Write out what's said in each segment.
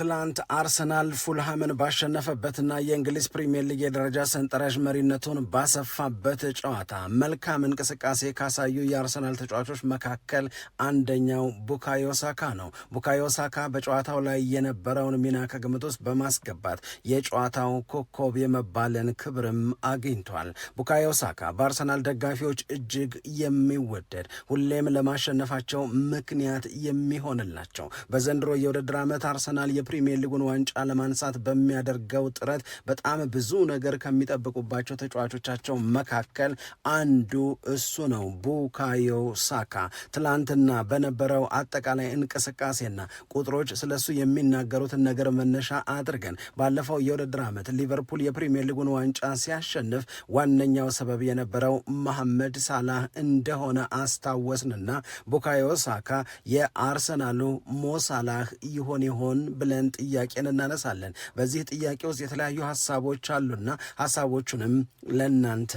ትላንት አርሰናል ፉልሃምን ባሸነፈበትና የእንግሊዝ ፕሪምየር ሊግ የደረጃ ሰንጠረዥ መሪነቱን ባሰፋበት ጨዋታ መልካም እንቅስቃሴ ካሳዩ የአርሰናል ተጫዋቾች መካከል አንደኛው ቡካዮ ሳካ ነው። ቡካዮ ሳካ በጨዋታው ላይ የነበረውን ሚና ከግምት ውስጥ በማስገባት የጨዋታው ኮከብ የመባልን ክብርም አግኝቷል። ቡካዮ ሳካ በአርሰናል ደጋፊዎች እጅግ የሚወደድ ሁሌም ለማሸነፋቸው ምክንያት የሚሆንላቸው በዘንድሮ የውድድር ዓመት አርሰናል የፕሪሚየር ሊጉን ዋንጫ ለማንሳት በሚያደርገው ጥረት በጣም ብዙ ነገር ከሚጠብቁባቸው ተጫዋቾቻቸው መካከል አንዱ እሱ ነው። ቡካዮ ሳካ ትላንትና በነበረው አጠቃላይ እንቅስቃሴና ቁጥሮች ስለሱ የሚናገሩትን ነገር መነሻ አድርገን ባለፈው የውድድር ዓመት ሊቨርፑል የፕሪሚየር ሊጉን ዋንጫ ሲያሸንፍ ዋነኛው ሰበብ የነበረው መሐመድ ሳላህ እንደሆነ አስታወስንና ቡካዮ ሳካ የአርሰናሉ ሞሳላህ ይሆን ይሆን ብለን ብለን ጥያቄን እናነሳለን። በዚህ ጥያቄ ውስጥ የተለያዩ ሀሳቦች አሉና ሀሳቦቹንም ለእናንተ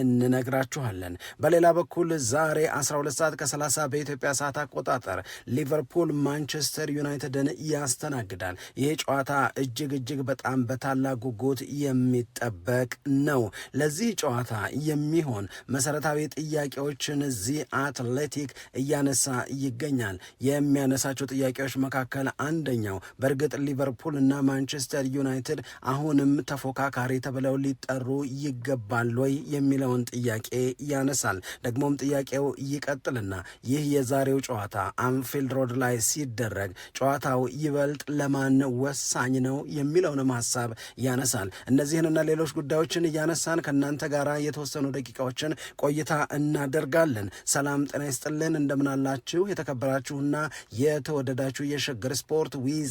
እንነግራችኋለን። በሌላ በኩል ዛሬ 12 ሰዓት ከ30 በኢትዮጵያ ሰዓት አቆጣጠር ሊቨርፑል ማንቸስተር ዩናይትድን ያስተናግዳል። ይህ ጨዋታ እጅግ እጅግ በጣም በታላቅ ጉጉት የሚጠበቅ ነው። ለዚህ ጨዋታ የሚሆን መሰረታዊ ጥያቄዎችን ዚህ አትሌቲክ እያነሳ ይገኛል። የሚያነሳቸው ጥያቄዎች መካከል አንደኛው በእርግጥ ሊቨርፑል እና ማንቸስተር ዩናይትድ አሁንም ተፎካካሪ ተብለው ሊጠሩ ይገባል ወይ የሚለውን ጥያቄ ያነሳል። ደግሞም ጥያቄው ይቀጥልና ይህ የዛሬው ጨዋታ አንፊልድ ሮድ ላይ ሲደረግ ጨዋታው ይበልጥ ለማን ወሳኝ ነው የሚለውንም ሀሳብ ያነሳል። እነዚህንና ሌሎች ጉዳዮችን እያነሳን ከእናንተ ጋር የተወሰኑ ደቂቃዎችን ቆይታ እናደርጋለን። ሰላም ጤና ይስጥልን፣ እንደምናላችሁ የተከበራችሁና የተወደዳችሁ የሸገር ስፖርት ዊዝ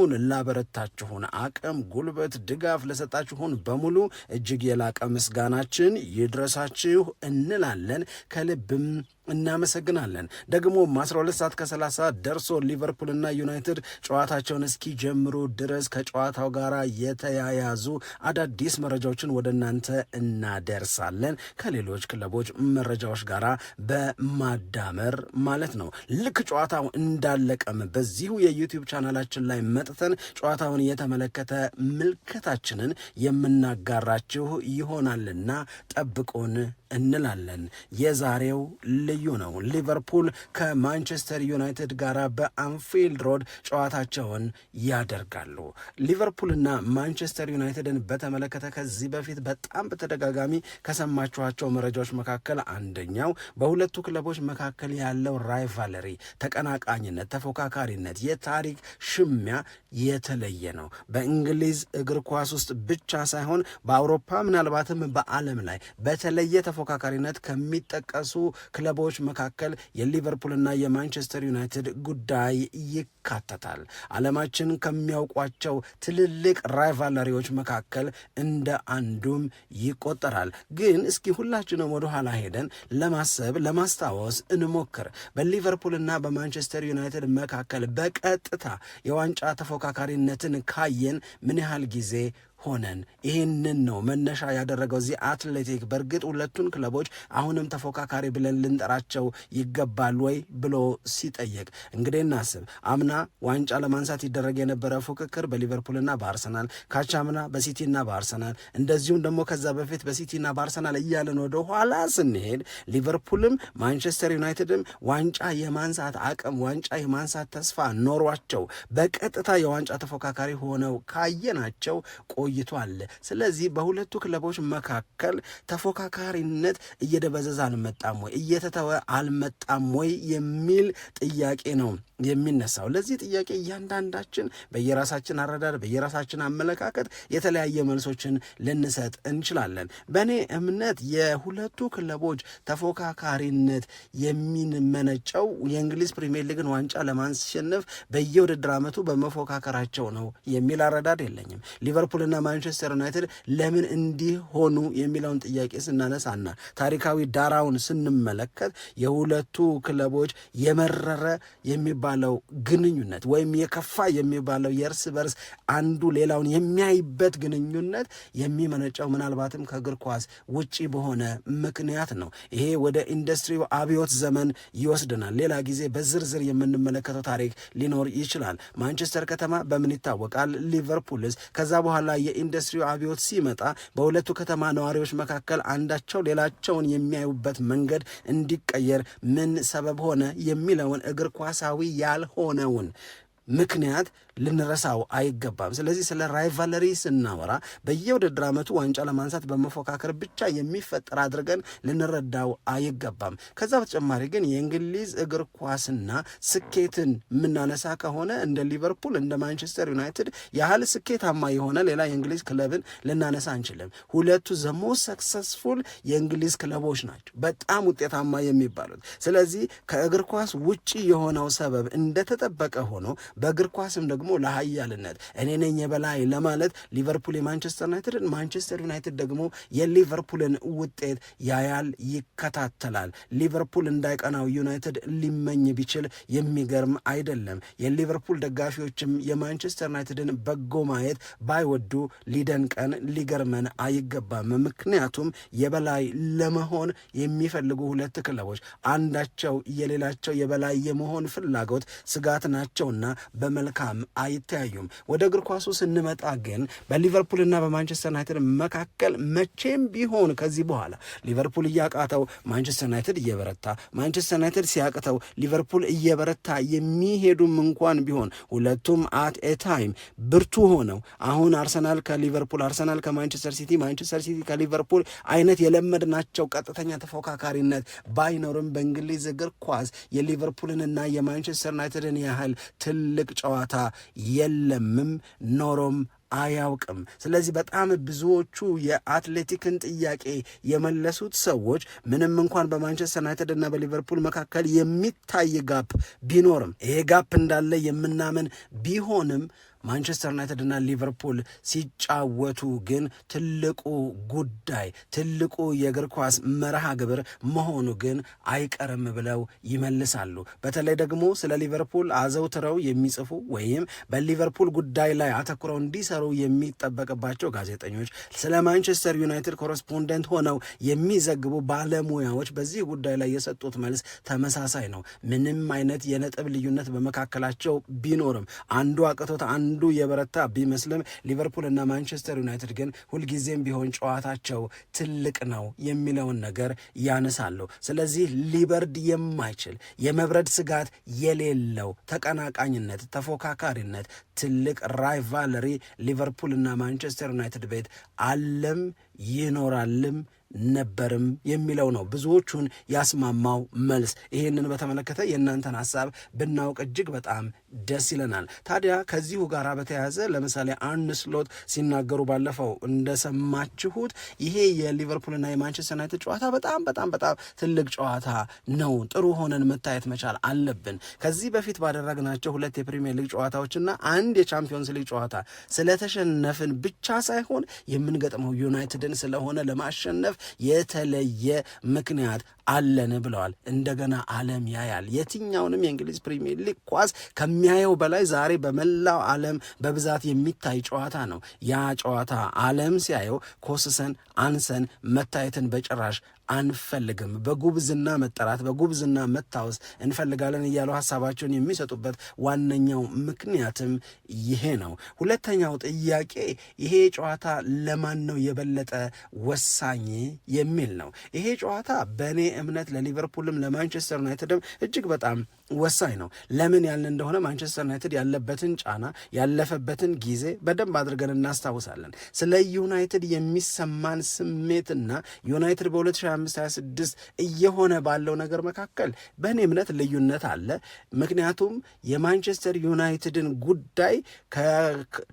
አሁን ላበረታችሁን አቅም፣ ጉልበት፣ ድጋፍ ለሰጣችሁን በሙሉ እጅግ የላቀ ምስጋናችን ይድረሳችሁ እንላለን ከልብም እናመሰግናለን። ደግሞም 12 ሰዓት ከ30 ደርሶ ሊቨርፑልና ዩናይትድ ጨዋታቸውን እስኪጀምሩ ድረስ ከጨዋታው ጋር የተያያዙ አዳዲስ መረጃዎችን ወደ እናንተ እናደርሳለን ከሌሎች ክለቦች መረጃዎች ጋር በማዳመር ማለት ነው። ልክ ጨዋታው እንዳለቀም በዚሁ የዩቲዩብ ቻናላችን ላይ መጥተን ጨዋታውን የተመለከተ ምልከታችንን የምናጋራችሁ ይሆናልና ጠብቁን እንላለን። የዛሬው ልዩ ልዩ ነው። ሊቨርፑል ከማንቸስተር ዩናይትድ ጋር በአንፊልድ ሮድ ጨዋታቸውን ያደርጋሉ። ሊቨርፑልና ማንቸስተር ዩናይትድን በተመለከተ ከዚህ በፊት በጣም በተደጋጋሚ ከሰማችኋቸው መረጃዎች መካከል አንደኛው በሁለቱ ክለቦች መካከል ያለው ራይቫለሪ ተቀናቃኝነት፣ ተፎካካሪነት፣ የታሪክ ሽሚያ የተለየ ነው። በእንግሊዝ እግር ኳስ ውስጥ ብቻ ሳይሆን በአውሮፓ ምናልባትም በዓለም ላይ በተለየ ተፎካካሪነት ከሚጠቀሱ ክለቦች ክለቦች መካከል የሊቨርፑልና የማንቸስተር ዩናይትድ ጉዳይ ይካተታል። ዓለማችን ከሚያውቋቸው ትልልቅ ራይቫለሪዎች መካከል እንደ አንዱም ይቆጠራል። ግን እስኪ ሁላችንም ወደ ኋላ ሄደን ለማሰብ ለማስታወስ እንሞክር። በሊቨርፑልና በማንቸስተር ዩናይትድ መካከል በቀጥታ የዋንጫ ተፎካካሪነትን ካየን ምን ያህል ጊዜ ሆነን ይህንን ነው መነሻ ያደረገው እዚህ አትሌቲክ በእርግጥ ሁለቱን ክለቦች አሁንም ተፎካካሪ ብለን ልንጠራቸው ይገባል ወይ ብሎ ሲጠይቅ እንግዲህ እናስብ። አምና ዋንጫ ለማንሳት ይደረግ የነበረ ፉክክር በሊቨርፑልና በአርሰናል ካቻምና በሲቲና በአርሰናል እንደዚሁም ደግሞ ከዛ በፊት በሲቲና በአርሰናል እያለን ወደ ኋላ ስንሄድ ሊቨርፑልም ማንቸስተር ዩናይትድም ዋንጫ የማንሳት አቅም ዋንጫ የማንሳት ተስፋ ኖሯቸው በቀጥታ የዋንጫ ተፎካካሪ ሆነው ካየናቸው ቆ ቆይቷል። ስለዚህ በሁለቱ ክለቦች መካከል ተፎካካሪነት እየደበዘዘ አልመጣም ወይ እየተተወ አልመጣም ወይ የሚል ጥያቄ ነው የሚነሳው። ለዚህ ጥያቄ እያንዳንዳችን በየራሳችን አረዳድ፣ በየራሳችን አመለካከት የተለያየ መልሶችን ልንሰጥ እንችላለን። በእኔ እምነት የሁለቱ ክለቦች ተፎካካሪነት የሚመነጨው የእንግሊዝ ፕሪሚየር ሊግን ዋንጫ ለማሸነፍ በየውድድር ዓመቱ በመፎካከራቸው ነው የሚል አረዳድ የለኝም። ሊቨርፑልና ማንቸስተር ዩናይትድ ለምን እንዲሆኑ የሚለውን ጥያቄ ስናነሳና ታሪካዊ ዳራውን ስንመለከት የሁለቱ ክለቦች የመረረ የሚባለው ግንኙነት ወይም የከፋ የሚባለው የእርስ በርስ አንዱ ሌላውን የሚያይበት ግንኙነት የሚመነጨው ምናልባትም ከእግር ኳስ ውጪ በሆነ ምክንያት ነው። ይሄ ወደ ኢንዱስትሪው አብዮት ዘመን ይወስድናል። ሌላ ጊዜ በዝርዝር የምንመለከተው ታሪክ ሊኖር ይችላል። ማንቸስተር ከተማ በምን ይታወቃል? ሊቨርፑልስ ከዛ በኋላ የኢንዱስትሪው አብዮት ሲመጣ በሁለቱ ከተማ ነዋሪዎች መካከል አንዳቸው ሌላቸውን የሚያዩበት መንገድ እንዲቀየር ምን ሰበብ ሆነ የሚለውን እግር ኳሳዊ ያልሆነውን ምክንያት ልንረሳው አይገባም። ስለዚህ ስለ ራይቫለሪ ስናወራ በየውድድር ዓመቱ ዋንጫ ለማንሳት በመፎካከር ብቻ የሚፈጠር አድርገን ልንረዳው አይገባም። ከዛ በተጨማሪ ግን የእንግሊዝ እግር ኳስና ስኬትን የምናነሳ ከሆነ እንደ ሊቨርፑል እንደ ማንቸስተር ዩናይትድ ያህል ስኬታማ የሆነ ሌላ የእንግሊዝ ክለብን ልናነሳ አንችልም። ሁለቱ ዘሞ ሰክሰስፉል የእንግሊዝ ክለቦች ናቸው በጣም ውጤታማ የሚባሉት። ስለዚህ ከእግር ኳስ ውጪ የሆነው ሰበብ እንደተጠበቀ ሆኖ በእግር ኳስም ደግሞ ለሀያልነት እኔ ነኝ የበላይ ለማለት ሊቨርፑል የማንቸስተር ዩናይትድን፣ ማንቸስተር ዩናይትድ ደግሞ የሊቨርፑልን ውጤት ያያል፣ ይከታተላል። ሊቨርፑል እንዳይቀናው ዩናይትድ ሊመኝ ቢችል የሚገርም አይደለም። የሊቨርፑል ደጋፊዎችም የማንቸስተር ዩናይትድን በጎ ማየት ባይወዱ ሊደንቀን ሊገርመን አይገባም። ምክንያቱም የበላይ ለመሆን የሚፈልጉ ሁለት ክለቦች አንዳቸው የሌላቸው የበላይ የመሆን ፍላጎት ስጋት ናቸውና በመልካም አይተያዩም። ወደ እግር ኳሱ ስንመጣ ግን በሊቨርፑልና በማንቸስተር ዩናይትድ መካከል መቼም ቢሆን ከዚህ በኋላ ሊቨርፑል እያቃተው ማንቸስተር ዩናይትድ እየበረታ ማንቸስተር ዩናይትድ ሲያቅተው ሊቨርፑል እየበረታ የሚሄዱም እንኳን ቢሆን ሁለቱም አት ኤ ታይም ብርቱ ሆነው አሁን አርሰናል ከሊቨርፑል አርሰናል ከማንቸስተር ሲቲ ማንቸስተር ሲቲ ከሊቨርፑል አይነት የለመድናቸው ቀጥተኛ ተፎካካሪነት ባይኖርም በእንግሊዝ እግር ኳስ የሊቨርፑልንና የማንቸስተር ዩናይትድን ያህል ትልቅ ጨዋታ የለምም ኖሮም አያውቅም። ስለዚህ በጣም ብዙዎቹ የአትሌቲክን ጥያቄ የመለሱት ሰዎች ምንም እንኳን በማንቸስተር ዩናይትድ እና በሊቨርፑል መካከል የሚታይ ጋፕ ቢኖርም ይሄ ጋፕ እንዳለ የምናምን ቢሆንም ማንቸስተር ዩናይትድ እና ሊቨርፑል ሲጫወቱ ግን ትልቁ ጉዳይ ትልቁ የእግር ኳስ መርሃ ግብር መሆኑ ግን አይቀርም ብለው ይመልሳሉ። በተለይ ደግሞ ስለ ሊቨርፑል አዘውትረው የሚጽፉ ወይም በሊቨርፑል ጉዳይ ላይ አተኩረው እንዲሰሩ የሚጠበቅባቸው ጋዜጠኞች፣ ስለ ማንቸስተር ዩናይትድ ኮረስፖንደንት ሆነው የሚዘግቡ ባለሙያዎች በዚህ ጉዳይ ላይ የሰጡት መልስ ተመሳሳይ ነው። ምንም አይነት የነጥብ ልዩነት በመካከላቸው ቢኖርም አንዱ አቅቶት አንዱ አንዱ የበረታ ቢመስልም ሊቨርፑል እና ማንቸስተር ዩናይትድ ግን ሁልጊዜም ቢሆን ጨዋታቸው ትልቅ ነው የሚለውን ነገር ያነሳሉ። ስለዚህ ሊበርድ የማይችል የመብረድ ስጋት የሌለው ተቀናቃኝነት፣ ተፎካካሪነት፣ ትልቅ ራይቫልሪ ሊቨርፑል እና ማንቸስተር ዩናይትድ ቤት አለም ይኖራልም ነበርም የሚለው ነው ብዙዎቹን ያስማማው መልስ። ይህንን በተመለከተ የእናንተን ሀሳብ ብናውቅ እጅግ በጣም ደስ ይለናል። ታዲያ ከዚሁ ጋር በተያያዘ ለምሳሌ አርን ስሎት ሲናገሩ ባለፈው እንደሰማችሁት ይሄ የሊቨርፑልና የማንቸስተር ዩናይትድ ጨዋታ በጣም በጣም በጣም ትልቅ ጨዋታ ነው፣ ጥሩ ሆነን መታየት መቻል አለብን። ከዚህ በፊት ባደረግናቸው ሁለት የፕሪሚየር ሊግ ጨዋታዎችና አንድ የቻምፒዮንስ ሊግ ጨዋታ ስለተሸነፍን ብቻ ሳይሆን የምንገጥመው ዩናይትድን ስለሆነ ለማሸነፍ የተለየ ምክንያት አለን ብለዋል። እንደገና አለም ያያል የትኛውንም የእንግሊዝ ፕሪሚየር ሊግ ኳስ ከሚ ከሚያየው በላይ ዛሬ በመላው ዓለም በብዛት የሚታይ ጨዋታ ነው። ያ ጨዋታ ዓለም ሲያየው ኮስሰን አንሰን መታየትን በጭራሽ አንፈልግም፣ በጉብዝና መጠራት በጉብዝና መታወስ እንፈልጋለን እያሉ ሀሳባቸውን የሚሰጡበት ዋነኛው ምክንያትም ይሄ ነው። ሁለተኛው ጥያቄ ይሄ ጨዋታ ለማን ነው የበለጠ ወሳኝ የሚል ነው። ይሄ ጨዋታ በእኔ እምነት ለሊቨርፑልም ለማንቸስተር ዩናይትድም እጅግ በጣም ወሳኝ ነው። ለምን ያልን እንደሆነ ማንቸስተር ዩናይትድ ያለበትን ጫና ያለፈበትን ጊዜ በደንብ አድርገን እናስታውሳለን። ስለ ዩናይትድ የሚሰማን ስሜትና ዩናይትድ በ20 25 26 እየሆነ ባለው ነገር መካከል በእኔ እምነት ልዩነት አለ። ምክንያቱም የማንቸስተር ዩናይትድን ጉዳይ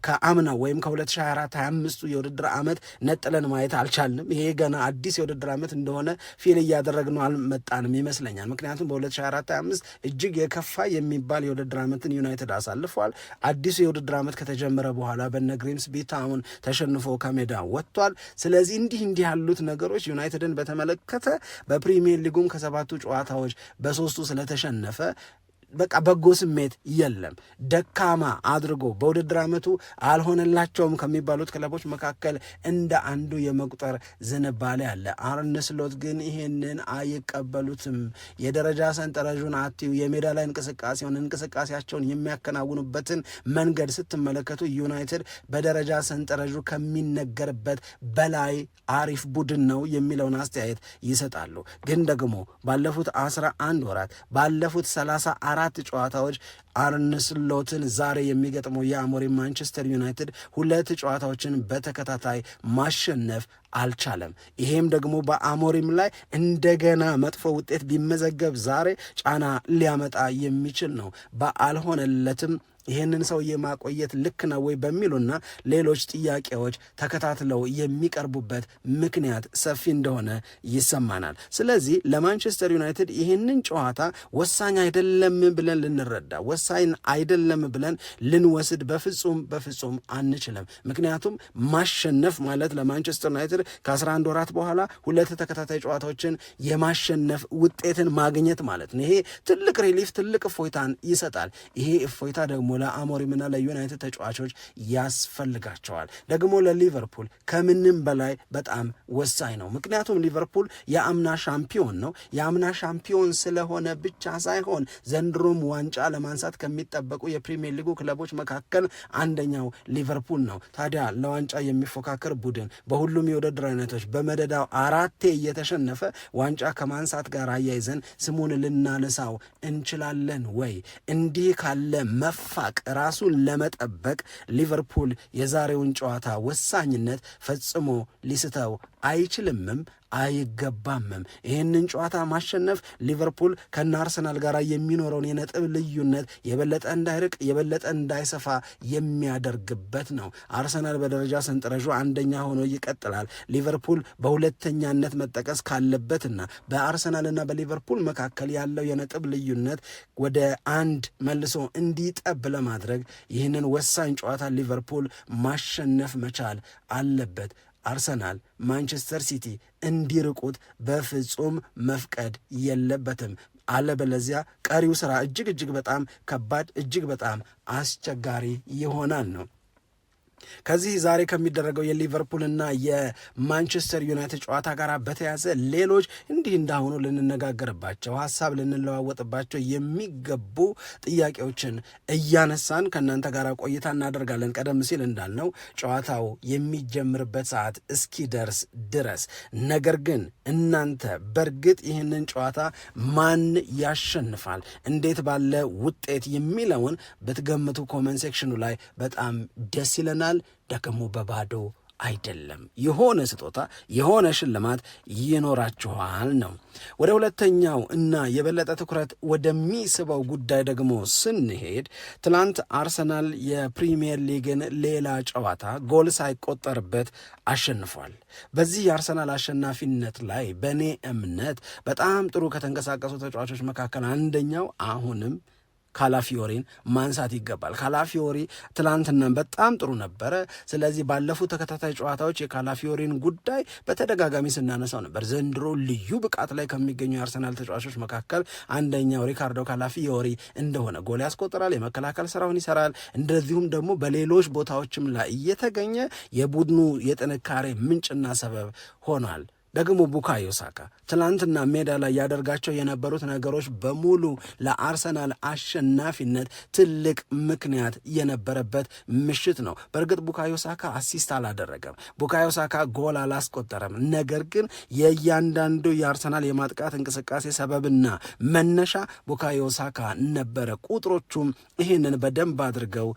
ከአምናው ወይም ከ2024 25ቱ የውድድር ዓመት ነጥለን ማየት አልቻልንም። ይሄ ገና አዲስ የውድድር ዓመት እንደሆነ ፊል እያደረግነው አልመጣንም ይመስለኛል። ምክንያቱም በ2024 25 እጅግ የከፋ የሚባል የውድድር ዓመትን ዩናይትድ አሳልፏል። አዲሱ የውድድር ዓመት ከተጀመረ በኋላ በነ ግሪምስ ቢታውን ተሸንፎ ከሜዳ ወጥቷል። ስለዚህ እንዲህ እንዲህ ያሉት ነገሮች ዩናይትድን በተመላ በተመለከተ በፕሪሚየር ሊጉም ከሰባቱ ጨዋታዎች በሶስቱ ስለተሸነፈ በቃ በጎ ስሜት የለም። ደካማ አድርጎ በውድድር ዓመቱ አልሆነላቸውም ከሚባሉት ክለቦች መካከል እንደ አንዱ የመቁጠር ዝንባሌ አለ። አርነ ስሎት ግን ይህንን አይቀበሉትም። የደረጃ ሰንጠረዡን አትዩ፣ የሜዳ ላይ እንቅስቃሴውን እንቅስቃሴያቸውን የሚያከናውኑበትን መንገድ ስትመለከቱ ዩናይትድ በደረጃ ሰንጠረዡ ከሚነገርበት በላይ አሪፍ ቡድን ነው የሚለውን አስተያየት ይሰጣሉ። ግን ደግሞ ባለፉት አስራ አንድ ወራት ባለፉት ሰላሳ አራት ጨዋታዎች አርንስሎትን ዛሬ የሚገጥመው የአሞሪም ማንቸስተር ዩናይትድ ሁለት ጨዋታዎችን በተከታታይ ማሸነፍ አልቻለም። ይሄም ደግሞ በአሞሪም ላይ እንደገና መጥፎ ውጤት ቢመዘገብ ዛሬ ጫና ሊያመጣ የሚችል ነው። በአልሆነለትም ይህንን ሰውዬ ማቆየት ልክ ነው ወይ በሚሉና ሌሎች ጥያቄዎች ተከታትለው የሚቀርቡበት ምክንያት ሰፊ እንደሆነ ይሰማናል። ስለዚህ ለማንቸስተር ዩናይትድ ይህንን ጨዋታ ወሳኝ አይደለም ብለን ልንረዳ፣ ወሳኝ አይደለም ብለን ልንወስድ በፍጹም በፍጹም አንችልም። ምክንያቱም ማሸነፍ ማለት ለማንቸስተር ዩናይትድ ከ11 ወራት በኋላ ሁለት ተከታታይ ጨዋታዎችን የማሸነፍ ውጤትን ማግኘት ማለት ነው። ይሄ ትልቅ ሪሊፍ፣ ትልቅ እፎይታን ይሰጣል። ይሄ እፎይታ ደግሞ ለአሞሪምና ለዩናይትድ ተጫዋቾች ያስፈልጋቸዋል። ደግሞ ለሊቨርፑል ከምንም በላይ በጣም ወሳኝ ነው። ምክንያቱም ሊቨርፑል የአምና ሻምፒዮን ነው። የአምና ሻምፒዮን ስለሆነ ብቻ ሳይሆን ዘንድሮም ዋንጫ ለማንሳት ከሚጠበቁ የፕሪሚየር ሊጉ ክለቦች መካከል አንደኛው ሊቨርፑል ነው። ታዲያ ለዋንጫ የሚፎካከር ቡድን በሁሉም የውድድር አይነቶች በመደዳው አራቴ እየተሸነፈ ዋንጫ ከማንሳት ጋር አያይዘን ስሙን ልናነሳው እንችላለን ወይ? እንዲህ ካለ መፋ ለመራቅ ራሱን ለመጠበቅ ሊቨርፑል የዛሬውን ጨዋታ ወሳኝነት ፈጽሞ ሊስተው አይችልምም አይገባምም። ይህንን ጨዋታ ማሸነፍ ሊቨርፑል ከነ አርሰናል ጋር የሚኖረውን የነጥብ ልዩነት የበለጠ እንዳይርቅ የበለጠ እንዳይሰፋ የሚያደርግበት ነው። አርሰናል በደረጃ ሰንጠረዡ አንደኛ ሆኖ ይቀጥላል። ሊቨርፑል በሁለተኛነት መጠቀስ ካለበትና በአርሰናልና በሊቨርፑል መካከል ያለው የነጥብ ልዩነት ወደ አንድ መልሶ እንዲጠብ ለማድረግ ይህንን ወሳኝ ጨዋታ ሊቨርፑል ማሸነፍ መቻል አለበት። አርሰናል፣ ማንቸስተር ሲቲ እንዲርቁት በፍጹም መፍቀድ የለበትም። አለበለዚያ ቀሪው ስራ እጅግ እጅግ በጣም ከባድ እጅግ በጣም አስቸጋሪ ይሆናል ነው ከዚህ ዛሬ ከሚደረገው የሊቨርፑልና የማንቸስተር ዩናይትድ ጨዋታ ጋር በተያዘ ሌሎች እንዲህ እንዳሁኑ ልንነጋገርባቸው ሀሳብ ልንለዋወጥባቸው የሚገቡ ጥያቄዎችን እያነሳን ከእናንተ ጋር ቆይታ እናደርጋለን። ቀደም ሲል እንዳልነው ጨዋታው የሚጀምርበት ሰዓት እስኪደርስ ድረስ ነገር ግን እናንተ በእርግጥ ይህንን ጨዋታ ማን ያሸንፋል፣ እንዴት ባለ ውጤት የሚለውን ብትገምቱ ኮመንት ሴክሽኑ ላይ በጣም ደስ ይለናል። ይሆናል፣ ደግሞ በባዶ አይደለም። የሆነ ስጦታ የሆነ ሽልማት ይኖራችኋል ነው። ወደ ሁለተኛው እና የበለጠ ትኩረት ወደሚስበው ጉዳይ ደግሞ ስንሄድ ትናንት አርሰናል የፕሪሚየር ሊግን ሌላ ጨዋታ ጎል ሳይቆጠርበት አሸንፏል። በዚህ የአርሰናል አሸናፊነት ላይ በእኔ እምነት በጣም ጥሩ ከተንቀሳቀሱ ተጫዋቾች መካከል አንደኛው አሁንም ካላፊዮሪን ማንሳት ይገባል። ካላፊዮሪ ትላንትናን በጣም ጥሩ ነበረ። ስለዚህ ባለፉት ተከታታይ ጨዋታዎች የካላፊዮሪን ጉዳይ በተደጋጋሚ ስናነሳው ነበር። ዘንድሮ ልዩ ብቃት ላይ ከሚገኙ የአርሰናል ተጫዋቾች መካከል አንደኛው ሪካርዶ ካላፊዮሪ እንደሆነ ጎል ያስቆጥራል፣ የመከላከል ስራውን ይሰራል፣ እንደዚሁም ደግሞ በሌሎች ቦታዎችም ላይ እየተገኘ የቡድኑ የጥንካሬ ምንጭና ሰበብ ሆኗል። ደግሞ ቡካዮ ሳካ ትላንትና ሜዳ ላይ ያደርጋቸው የነበሩት ነገሮች በሙሉ ለአርሰናል አሸናፊነት ትልቅ ምክንያት የነበረበት ምሽት ነው። በእርግጥ ቡካዮ ሳካ አሲስት አላደረገም፣ ቡካዮ ሳካ ጎል አላስቆጠረም። ነገር ግን የእያንዳንዱ የአርሰናል የማጥቃት እንቅስቃሴ ሰበብና መነሻ ቡካዮ ሳካ ነበረ። ቁጥሮቹም ይህንን በደንብ አድርገው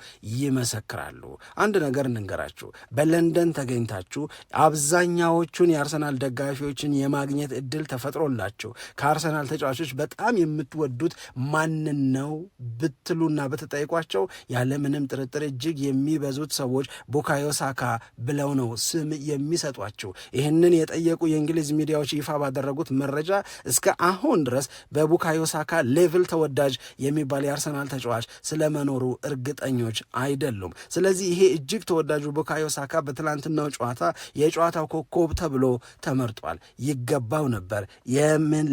ይመሰክራሉ። አንድ ነገር እንንገራችሁ፣ በለንደን ተገኝታችሁ አብዛኛዎቹን የአርሰናል ደጋ ተጋዦችን የማግኘት እድል ተፈጥሮላቸው ከአርሰናል ተጫዋቾች በጣም የምትወዱት ማንን ነው ብትሉና ብትጠይቋቸው ያለምንም ጥርጥር እጅግ የሚበዙት ሰዎች ቡካዮ ሳካ ብለው ነው ስም የሚሰጧቸው። ይህንን የጠየቁ የእንግሊዝ ሚዲያዎች ይፋ ባደረጉት መረጃ እስከ አሁን ድረስ በቡካዮ ሳካ ሌቭል ተወዳጅ የሚባል የአርሰናል ተጫዋች ስለመኖሩ እርግጠኞች አይደሉም። ስለዚህ ይሄ እጅግ ተወዳጁ ቡካዮ ሳካ በትላንትናው ጨዋታ የጨዋታው ኮከብ ተብሎ ተመር ተመርጧል። ይገባው ነበር።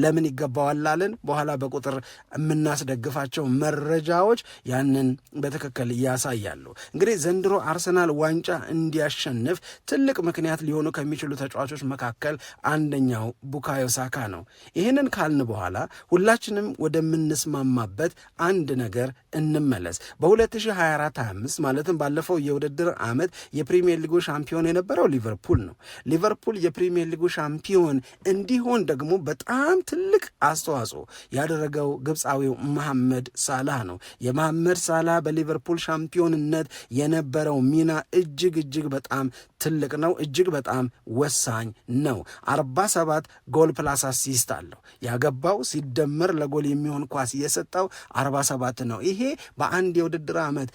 ለምን ይገባዋል በኋላ በቁጥር የምናስደግፋቸው መረጃዎች ያንን በትክክል ያሳያሉ። እንግዲህ ዘንድሮ አርሰናል ዋንጫ እንዲያሸንፍ ትልቅ ምክንያት ሊሆኑ ከሚችሉ ተጫዋቾች መካከል አንደኛው ቡካዮ ሳካ ነው። ይህንን ካልን በኋላ ሁላችንም ወደምንስማማበት አንድ ነገር እንመለስ። በ2024/25 ማለትም ባለፈው የውድድር ዓመት የፕሪሚየር ሊጉ ሻምፒዮን የነበረው ሊቨርፑል ነው። ሊቨርፑል የፕሪሚየር ሊጉ ሻምፒዮን እንዲሆን ደግሞ በጣም ትልቅ አስተዋጽኦ ያደረገው ግብፃዊው መሐመድ ሳላህ ነው። የመሐመድ ሳላህ በሊቨርፑል ሻምፒዮንነት የነበረው ሚና እጅግ እጅግ በጣም ትልቅ ነው። እጅግ በጣም ወሳኝ ነው። 47 ጎል ፕላስ አሲስት አለው ያገባው ሲደመር ለጎል የሚሆን ኳስ የሰጠው 47 ነው። ይሄ በአንድ የውድድር ዓመት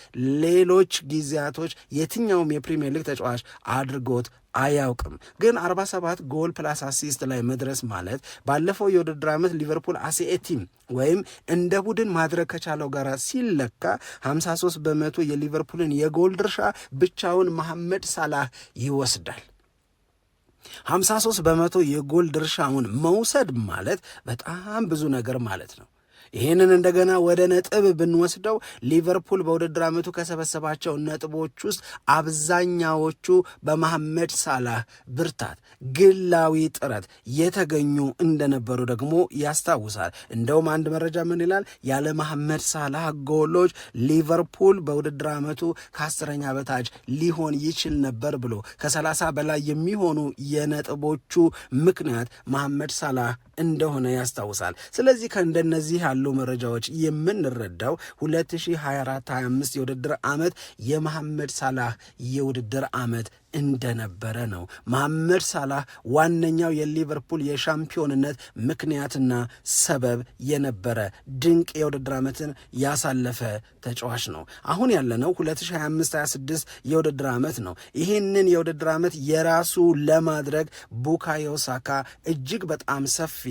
ሌሎች ጊዜያቶች የትኛውም የፕሪምየር ሊግ ተጫዋች አድርጎት አያውቅም። ግን 47 ጎል ፕላስ አሲስት ላይ መድረስ ማለት ባለፈው የውድድር ዓመት ሊቨርፑል አሴኤቲም ቲም ወይም እንደ ቡድን ማድረግ ከቻለው ጋር ሲለካ 53 በመቶ የሊቨርፑልን የጎል ድርሻ ብቻውን መሐመድ ሳላህ ይወስዳል። 53 በመቶ የጎል ድርሻውን መውሰድ ማለት በጣም ብዙ ነገር ማለት ነው። ይህንን እንደገና ወደ ነጥብ ብንወስደው ሊቨርፑል በውድድር ዓመቱ ከሰበሰባቸው ነጥቦች ውስጥ አብዛኛዎቹ በመሐመድ ሳላህ ብርታት፣ ግላዊ ጥረት የተገኙ እንደነበሩ ደግሞ ያስታውሳል። እንደውም አንድ መረጃ ምን ይላል? ያለ መሐመድ ሳላህ ጎሎች ሊቨርፑል በውድድር ዓመቱ ከአስረኛ በታች ሊሆን ይችል ነበር ብሎ ከሰላሳ በላይ የሚሆኑ የነጥቦቹ ምክንያት መሐመድ ሳላህ እንደሆነ ያስታውሳል። ስለዚህ ከእንደነዚህ ያሉ መረጃዎች የምንረዳው 2024/25 የውድድር ዓመት የመሐመድ ሳላህ የውድድር ዓመት እንደነበረ ነው። መሐመድ ሳላህ ዋነኛው የሊቨርፑል የሻምፒዮንነት ምክንያትና ሰበብ የነበረ ድንቅ የውድድር ዓመትን ያሳለፈ ተጫዋች ነው። አሁን ያለነው 2025/26 የውድድር ዓመት ነው። ይህንን የውድድር ዓመት የራሱ ለማድረግ ቡካዮ ሳካ እጅግ በጣም ሰፊ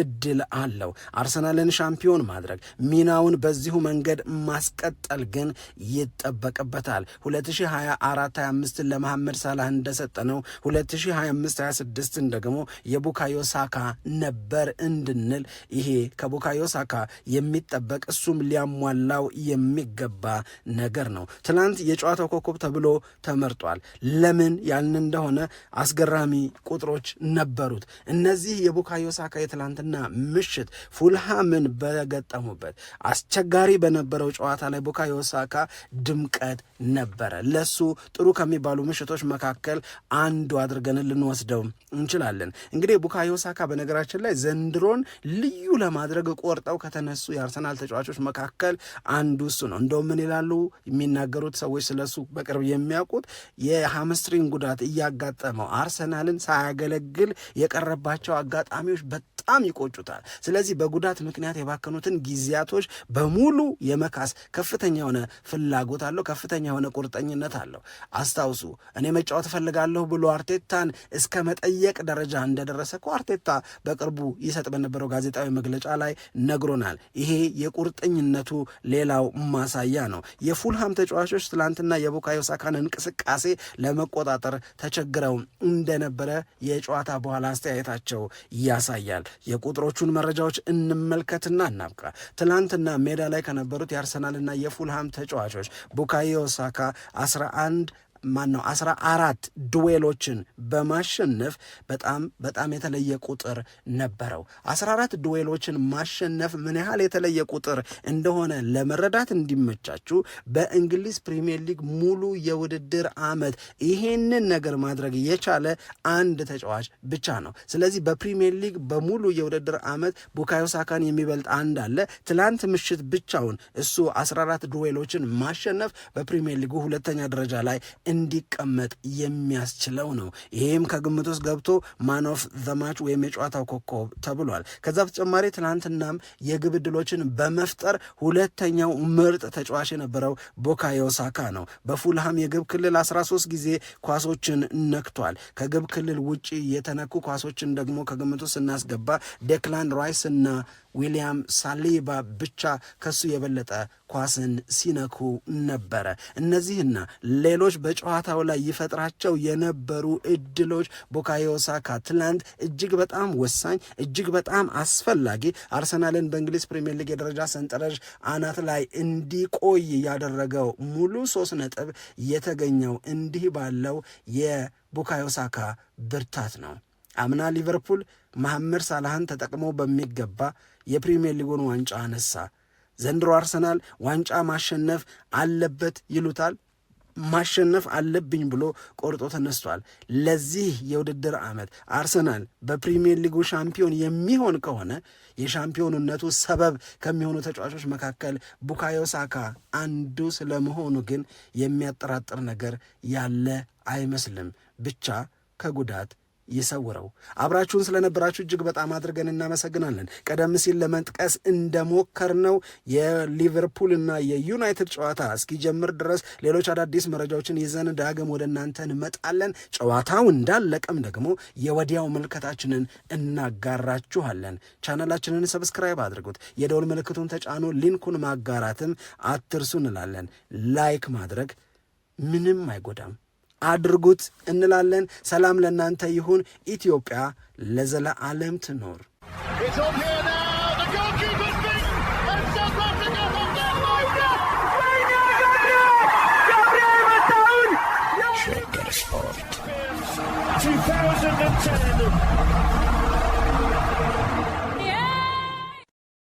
እድል አለው። አርሰናልን ሻምፒዮን ማድረግ ሚናውን በዚሁ መንገድ ማስቀጠል ግን ይጠበቅበታል። 25 ለመሐመድ ሳላህ እንደሰጠነው 2025/26ን ደግሞ የቡካዮ ሳካ ነበር እንድንል ይሄ ከቡካዮ ሳካ የሚጠበቅ እሱም ሊያሟላው የሚገባ ነገር ነው። ትናንት የጨዋታው ኮከብ ተብሎ ተመርጧል። ለምን ያልን እንደሆነ አስገራሚ ቁጥሮች ነበሩት። እነዚህ የቡካዮ ሳካ የትላንትና ምሽት ፉልሃምን በገጠሙበት አስቸጋሪ በነበረው ጨዋታ ላይ ቡካዮ ሳካ ድምቀት ነበረ። ለሱ ጥሩ ከሚባሉ ምሽቶች መካከል አንዱ አድርገን ልንወስደው እንችላለን። እንግዲህ ቡካዮ ሳካ በነገራችን ላይ ዘንድሮን ልዩ ለማድረግ ቆርጠው ከተነሱ የአርሰናል ተጫዋቾች መካከል አንዱ እሱ ነው። እንደው ምን ይላሉ የሚናገሩት ሰዎች ስለሱ በቅርብ የሚያውቁት የሃምስትሪንግ ጉዳት እያጋጠመው አርሰናልን ሳያገለግል የቀረባቸው አጋጣሚዎች በጣም በጣም ይቆጩታል። ስለዚህ በጉዳት ምክንያት የባከኑትን ጊዜያቶች በሙሉ የመካስ ከፍተኛ የሆነ ፍላጎት አለው፣ ከፍተኛ የሆነ ቁርጠኝነት አለው። አስታውሱ እኔ መጫወት እፈልጋለሁ ብሎ አርቴታን እስከ መጠየቅ ደረጃ እንደደረሰ እኮ አርቴታ በቅርቡ ይሰጥ በነበረው ጋዜጣዊ መግለጫ ላይ ነግሮናል። ይሄ የቁርጠኝነቱ ሌላው ማሳያ ነው። የፉልሃም ተጫዋቾች ትላንትና የቡካዮ ሳካን እንቅስቃሴ ለመቆጣጠር ተቸግረው እንደነበረ የጨዋታ በኋላ አስተያየታቸው ያሳያል። የቁጥሮቹን መረጃዎች እንመልከትና እናብቃ። ትናንትና ሜዳ ላይ ከነበሩት የአርሰናልና የፉልሃም ተጫዋቾች ቡካዮ ሳካ 11 ማነው አስራ አራት ዱዌሎችን በማሸነፍ በጣም በጣም የተለየ ቁጥር ነበረው። አስራ አራት ዱዌሎችን ማሸነፍ ምን ያህል የተለየ ቁጥር እንደሆነ ለመረዳት እንዲመቻችሁ በእንግሊዝ ፕሪምየር ሊግ ሙሉ የውድድር ዓመት ይሄንን ነገር ማድረግ የቻለ አንድ ተጫዋች ብቻ ነው። ስለዚህ በፕሪሚየር ሊግ በሙሉ የውድድር ዓመት ቡካዮ ሳካን የሚበልጥ አንድ አለ። ትላንት ምሽት ብቻውን እሱ አስራ አራት ዱዌሎችን ማሸነፍ በፕሪምየር ሊጉ ሁለተኛ ደረጃ ላይ እንዲቀመጥ የሚያስችለው ነው። ይህም ከግምት ውስጥ ገብቶ ማን ኦፍ ዘማች ወይም የጨዋታው ኮከብ ተብሏል። ከዛ በተጨማሪ ትናንትናም የግብ ዕድሎችን በመፍጠር ሁለተኛው ምርጥ ተጫዋች የነበረው ቡካዮ ሳካ ነው። በፉልሃም የግብ ክልል 13 ጊዜ ኳሶችን ነክቷል። ከግብ ክልል ውጭ የተነኩ ኳሶችን ደግሞ ከግምቱ ስናስገባ ዴክላን ራይስ እና ዊሊያም ሳሌባ ብቻ ከሱ የበለጠ ኳስን ሲነኩ ነበረ። እነዚህና ሌሎች በጨዋታው ላይ ይፈጥራቸው የነበሩ እድሎች ቡካዮ ሳካ ትላንት እጅግ በጣም ወሳኝ፣ እጅግ በጣም አስፈላጊ አርሰናልን በእንግሊዝ ፕሪምየር ሊግ የደረጃ ሰንጠረዥ አናት ላይ እንዲቆይ ያደረገው ሙሉ ሶስት ነጥብ የተገኘው እንዲህ ባለው የቡካዮ ሳካ ብርታት ነው። አምና ሊቨርፑል መሐመድ ሳላህን ተጠቅሞ በሚገባ የፕሪምየር ሊጉን ዋንጫ አነሳ። ዘንድሮ አርሰናል ዋንጫ ማሸነፍ አለበት ይሉታል። ማሸነፍ አለብኝ ብሎ ቆርጦ ተነስቷል። ለዚህ የውድድር ዓመት አርሰናል በፕሪምየር ሊጉ ሻምፒዮን የሚሆን ከሆነ የሻምፒዮንነቱ ሰበብ ከሚሆኑ ተጫዋቾች መካከል ቡካዮ ሳካ አንዱ ስለመሆኑ ግን የሚያጠራጥር ነገር ያለ አይመስልም። ብቻ ከጉዳት ይሰውረው። አብራችሁን ስለነበራችሁ እጅግ በጣም አድርገን እናመሰግናለን። ቀደም ሲል ለመጥቀስ እንደሞከርነው የሊቨርፑልና የዩናይትድ ጨዋታ እስኪጀምር ድረስ ሌሎች አዳዲስ መረጃዎችን ይዘን ዳግም ወደ እናንተ እንመጣለን። ጨዋታው እንዳለቀም ደግሞ የወዲያው ምልከታችንን እናጋራችኋለን። ቻናላችንን ሰብስክራይብ አድርጉት፣ የደውል ምልክቱን ተጫኑ፣ ሊንኩን ማጋራትም አትርሱ እንላለን። ላይክ ማድረግ ምንም አይጎዳም። አድርጉት እንላለን። ሰላም ለእናንተ ይሁን። ኢትዮጵያ ለዘለዓለም ትኖር።